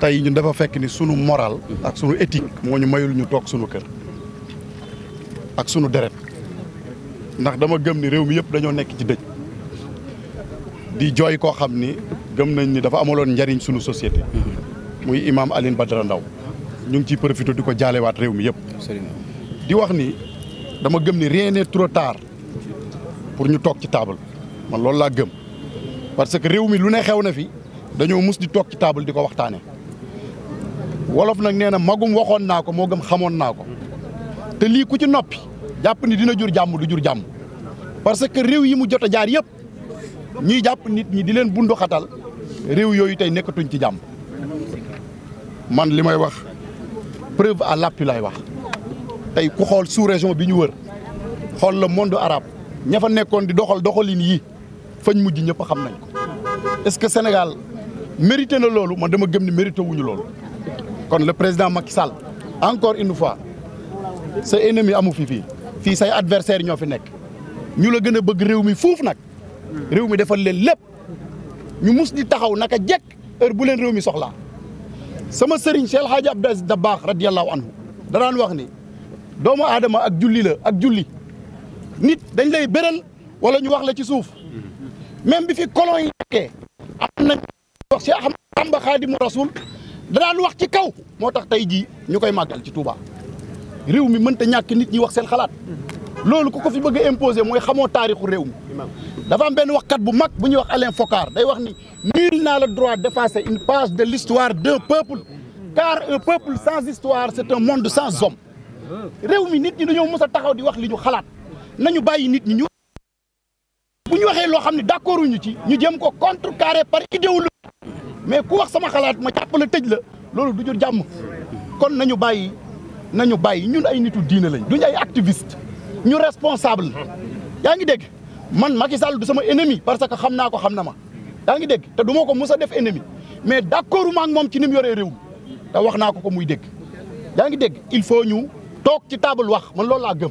tey ñun dafa fekk ni sunu moral ak sunu éthique moo ñu mayul ñu toog sunu kër ak sunu deret ndax dama gëm ni réew mi yëpp dañoo nekk ci dëj di jooy koo xam ni gëm nañ ni dafa amaloon njariñ sunu société muy imam Alioune Badara ndaw ñu ngi ciy profité di ko jaalewaat réew mi yëpp di wax ni dama gëm ni rien n'est trop pour ñu toog ci table man loolu laa gëm parce que réew mi lu ne xew na fi dañoo mus di toog ci table di ko waxtaane wolof nag nee na magum waxoon naa ko moo gëm xamoon naa ko te lii ku ci noppi jàpp ni dina jur jàmm du jur jàmm parce que réew yi mu jot a jaar yëpp ñuy jàpp nit ñi di leen bundu xatal réew yooyu tey nekkatuñ ci jàmm man li may wax preuve à l'appui lay wax tey ku xool sous région bi ñu wër xool la monde arabe ña fa nekkoon di doxal doxaliin yi fañ mujj ñëpp xam nañ ko est-ce que Sénégal mérité na loolu man dama gëm ni mérité wuñu loolu kon le président Macky Sall encore une fois sa ennemi amu fi fii fii say adversaire ñoo fi nekk ñu la gën a bëgg réew mi fuuf nag réew mi defal leen lépp ñu mus di taxaw a jekk heure bu leen réew mi soxla sama sëriñ Cheikh Hadji Abdou Aziz baax radiyallahu anhu da daan wax ni doomu aadama ak julli la ak julli nit dañ lay bëral wala ñu wax la ci suuf même bi fi colon yi nekkee am nañ wax Cheikh Bamba Xaadimu Rasul da daan wax ci kaw moo tax tey jii ñu koy màggal ci Touba réew mi mënta ñàkk nit ñi wax seen xalaat loolu ko ko fi bëgg a imposer mooy xamoo taarixu réew mi dafa am benn wax kat bu mag bu ñuy wax Alain Focar day wax ni nul n'a le droit d'effacer une page de l'histoire d'un peuple car un peuple sans histoire c'est un monde sans homme réew mi nit ñi dañoo mës a taxaw di wax li ñu xalaat na ñu bàyyi nit ñi ñu bu ñu waxee loo xam ne ñu ci ñu jëm ko contrecarrer par idéologie mais ku wax sama xalaat ma la tëj la loolu du jur jàmm kon nañu bàyyi nañu bàyyi ñun ay nitu diine lañ duñu ay activiste ñu responsable yaa ngi dégg man Macky Sall du sama ennemi parce que xam naa ko xam na ma yaa ngi dégg te duma ko mus a def ennemi mais d'accordu ma moom ci ni mu yoree réew mi te wax naa ko ko muy dégg yaa ngi dégg il faut ñu toog ci table wax man loolu laa gëm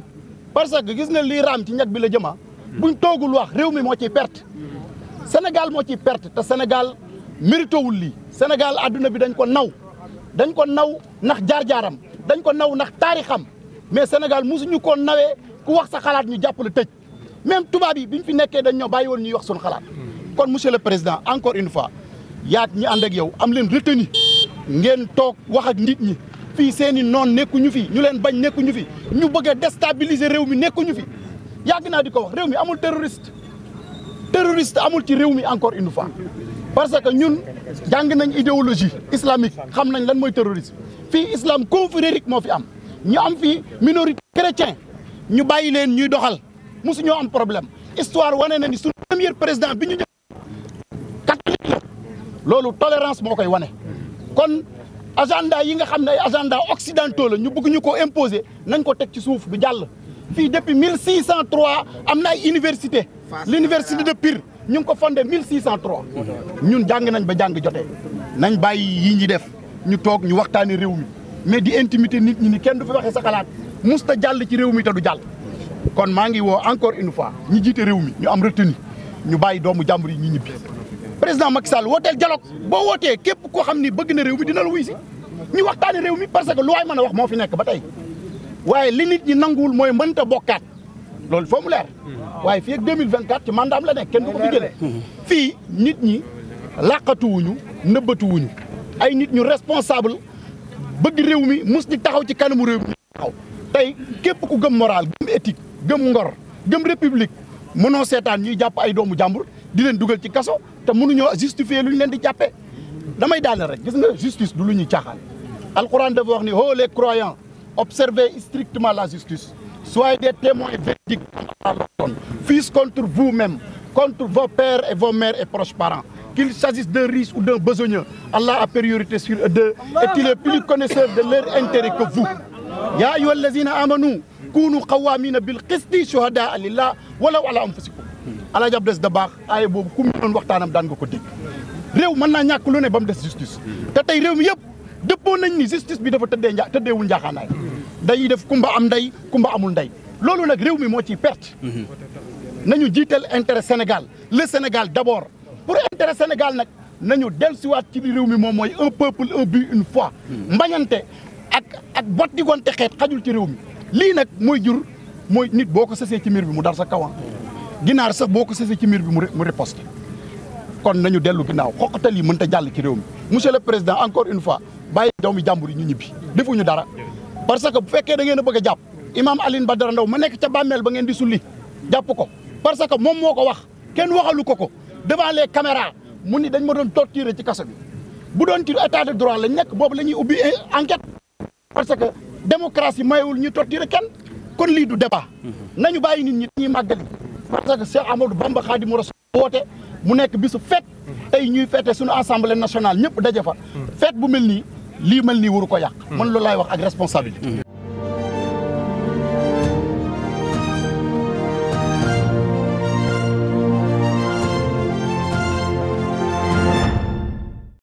parce que gis nga lii raam ci ñag bi la jëma ah. buñ toogul wax réew mi moo ciy pert Sénégal moo ciy perte te Sénégal méritowul lii Sénégal adduna bi dañ ko naw dañ ko naw ndax jaar-jaaram dañ ko naw ndax taarixam mais Sénégal mosuñu koon nawee ku wax sa xalaat ñu jàpp la tëj même tubaab yi bi ñu fi nekkee dañ ñoo bàyyi woon ñuy wax suñu xalaat kon monsieur le président encore une fois yaat ñi ànd ak yow am leen retenu ngeen toog wax ak nit ñi fii seen i noon nekkuñu fi ñu leen bañ nekkuñu fi ñu bëggee a réew mi nekkuñu fi yàgg naa di ko wax réew mi amul terroriste terroriste amul ci réew mi encore une fois parce que ñun jàng nañ idéologie islamique xam nañ lan mooy terrorisme fii islam confrérique moo fi am ñu am fii minorité chrétien ñu bàyyi leen ñuy doxal mosu ñoo am problème histoire wane na ni suñu premier président bi ñu jë catholique la loolu tolérance moo koy wane kon agenda yi nga xam ne ay agenda occidentaux la ñu bëgg ñu ko imposé nañ ko teg ci suuf du jàll fii depuis cent 1603 am na ay université l'université de Pire ñu ngi ko fondé 1603 ñun jàng nañ ba jàng jote nañ bàyyi yi ñi def ñu toog ñu waxtaani réew mi mais di intimité nit ñi ni kenn du fi waxee sa xalaat musta jàll ci réew mi ta du jàll kon maa ngi woo encore une fois ñi jiite réew mi ñu am retenu ñu bàyyi doomu jàmbur yi ñu ñibbi président Macky Sall wooteel dialogue boo wootee képp koo xam ni bëgg na réew mi dina la wuy si ñu waxtaani réew mi parce que lu waay mën a wax moo fi nekk ba tey waaye li nit ñi nanguwul mooy mënta bokkaat loolu foo mu hmm. waaye fi ak 2024 ci mandaam la nekk kenn du ko fi jëlee hmm. fii nit ñi làqatuwuñu nëbbatuwuñu ay nit ñu responsable bëgg réew mi mus di taxaw ci kanamu réew mi taxaw tey képp ku gëm moral gëm éthique gëm ngor gëm république mënoo seetaan ñuy jàpp ay doomu jàmbur di leen dugal ci kaso te mënuñoo justifier lu ñu leen di jàppee damay daane rek gis nga justice du lu ñuy caaxaan alxuraan dafa wax ni oh les croyants observez strictement la justice soi des témoins véridiques à contre vous-même, contre vos pères et vos mères et proches parents. Qu'il s'agisse d'un riche ou d'un besogneux, Allah a priorité sur eux deux et il est plus connaisseur de leur intérêt que vous. Ya ayyuhallazina amanu kunu qawwamina bil qisti shuhadaa lillah walaw ala anfusikum. Alaaji Abdou Aziz Dabakh aaya boobu ku mu waxtaanam daan nga ko dégg. réew mën naa ñàkk lu ne ba mu des justice. te tey réew mi yëpp dëppoo nañ ni justice bi dafa tëddee njaa tëddeewul njaaxaanaay. dañuy def kumba am ndey kumba amul ndey loolu nag réew mi moo ciy perte. nañu jiital intérêt Sénégal le Sénégal d'abord pour intérêt Sénégal nag nañu dellusiwaat ci biir réew mi moom mooy un peuple un but une foi. mbañante ak ak bot diggante xeet xajul ci réew mi lii nag mooy jur mooy nit boo ko see ci miir bi mu dar sa kawan ginaar sax boo ko sësee ci miir bi mu riposte kon nañu dellu ginnaaw xoqatal yi mënta jàll ci réew mi monsieur le président encore une fois bàyyi doomi jàmbur yi ñu ñibbi defuñu dara. parce que bu fekkee da ngeen a bëgg a jàpp imaam Alioune Badara Ndao ma nekk ca bàmmeel ba ngeen di sulli jàpp ko parce que moom moo ko wax kenn waxalu ko ko devant les caméras mu ni dañ ma doon torturer ci kaso bi bu doon ci état de droit lañ nekk boobu la ñuy ubbi enquête parce que démocratie mayewul ñuy torturer kenn kon lii du débat nañu bàyyi nit ñi dañuy màggali parce que Cheikh Amadou Bamba Khadimu Rasul woote mu nekk bisu fête tey ñuy fête sunu assemblée nationale ñëpp daje fa fête bu mel nii lii mel ni waru ko yàq man loolu laay wax ak responsabilité